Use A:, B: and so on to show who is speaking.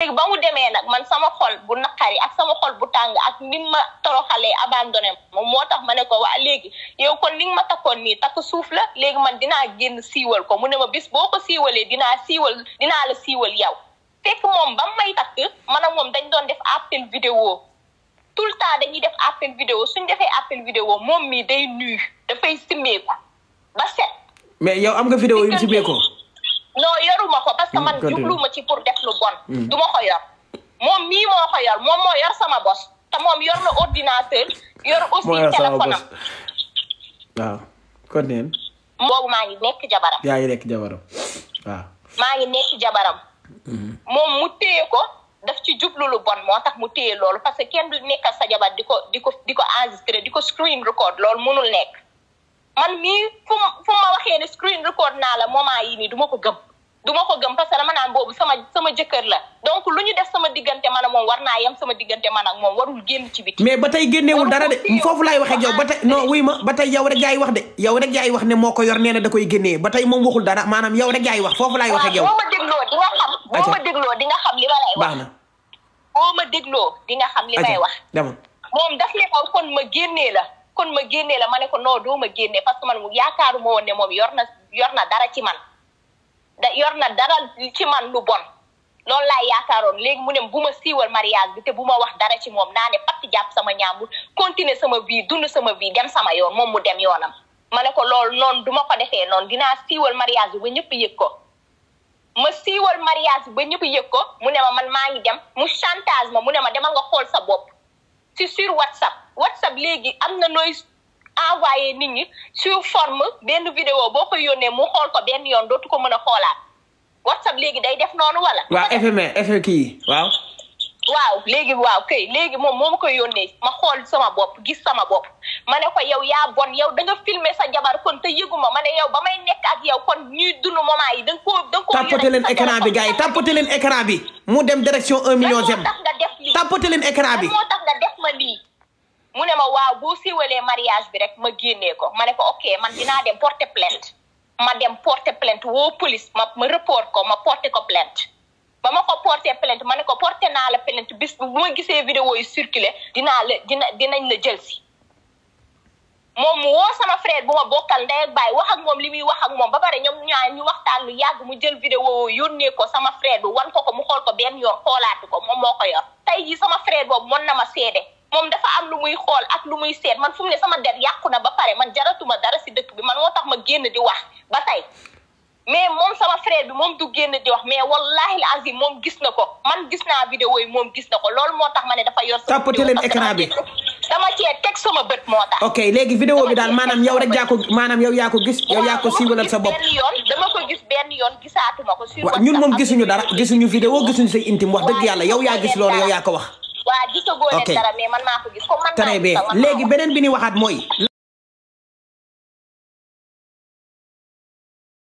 A: léegi ba mu demee nag man sama xol bu naqari ak sama xol bu tàng ak ni ma toroxalee abandonné moom moo tax ma ne ko waa léegi yow kon ni nga ma takkoon nii takk suuf la léegi man dinaa génn siiwal ko mu ne ma bis boo ko siiwalee dinaa siiwal dinaa la siiwal yow fekk moom ba may takk man ak moom dañ doon def appel vidéo tout le temps dañuy def appel vidéo suñ defee appel vidéo moom mii day nuyu dafay simmeeku ba set
B: mais yow am nga vidéo yu simmeekoo
A: non yoruma ko parce que man mm, jubluma ci pour def lu bon mm. du ma ko yor moom mii moo ko yor moom moo yor sama bos te moom yor na ordinateur yor aussi téléphone
B: waaw kon neen
A: maa ngi nekk jabaram
B: yaa ngi nekk jabaram
A: maa ngi nekk jabaram mm-hmm. moom mu téye ko daf ci jublu lu bon moo tax mu téye loolu parce que kenn du nekkal sa jabar di ko di ko di ko enregistré di ko screen record loolu mënul nekk man mii fu fu ma waxee ne screen record naa la moment yi nii du ma ko gëm du ma ko gëm parce que dama naan boobu sama sama jëkkër la donc lu ñu def sama diggante man ak moom war naa yem sama diggante man ak moom warul génn ci biti mais ba tey génneewul dara de foofu laay waxee yow ba
B: tey non wax de yow rek wax ne moo ko yor nee na da koy génnee ba tey moom waxul dara maanaam yow rek yaay wax foofu laay waxee yow nga
A: xam boo ma na boo ma dégloo di nga xam li may wax dama moom daf ne ko kon ma génnee la kon ma génnee la ma ne ko non doo ma génnee parce man yaakaaru ma woon ne moom yor na yor na dara ci man da yor na dara ci man lu bon loolu laay yaakaaroon léegi mu ne bu ma siiwal mariage bi te bu ma wax dara ci moom naa ne patt jàpp sama ñaambur continuer sama vie dund sama vie dem sama yoon moom mu dem yoonam ma ne ko lool noonu du ma ko defee noonu dinaa siiwal mariage ba ñëpp yëg ko ma siiwal mariage ba ñëpp yëg ko mu ne ma man maa ngi dem mu chantage ma mu ne ma demal nga xool sa bopp si sur whatsapp whatsapp léegi am na nooy waaye nit ñi sur forme benn vidéo boo koy yónnee mu xool ko benn yoon dootu ko mën a xoolaat WhatsApp léegi day def noonu wala.
B: waaw FMR FM kii waaw.
A: waaw léegi waaw kay léegi moom moo ma koy yónnee ma xool sama bopp gis sama bopp ma ne ko yaw yaa bon yow da nga filmer sa jabar kon te yëguma ma ne yow ba may nekk ak yow kon ñuy dund moment yi da nga koo da nga koo. tapoter leen écran bi gars yi tapoter leen bi
B: mu dem direction un million. zem
A: tapoter leen écran bi. mu ne ma waaw boo siiwalee mariage bi rek ma génnee ko ma ne ko ok man dinaa dem porter plainte ma dem porter plainte woo police ma ma report ko ma porter ko plainte ba ma ko porter plainte ma ne ko porter naa la plainte bis bu ma gisee vidéo yi circuler dinaa la dina dinañ la jël si moom mu woo sama frère bu ma bokkal ndey ak baay wax ak moom li muy wax ak moom ba pare ñoom ñaar ñu waxtaan lu yàgg mu jël vidéo yónnee ko sama frère bi wan ko ko mu xool ko benn yoo xoolaati ko moom moo ko tey jii sama frère boobu mën na ma seede moom dafa am lu muy xool ak lu muy seet man fu mu ne sama der yàqu na ba pare man jaratuma dara si dëkk bi man moo tax ma génn di wax ba tey mais moom sama frère bi moom du génn di wax mais wallahi la azim moom gis na ko man gis naa vidéo yi moom gis na ko loolu moo tax ma ne dafa yor.
B: tapoté leen écran bi
A: dama cee teg sama
B: bët moo tax. ok léegi vidéo bi daal maanaam yow rek yaa ko maanaam yow yaa ko gis. yow yaa ko siiwalal sa bopp
A: dama ko gis benn yoon gisaatuma ko. ñun moom
B: gisuñu dara gisuñu vidéo gisuñu say intime wax dëgg yàlla yow yaa gis loolu yow yaa ko wax.
A: voilà gisagoo leen dara mais man maa ko gis. comme man léegi
B: beneen bi ni waxaat mooy.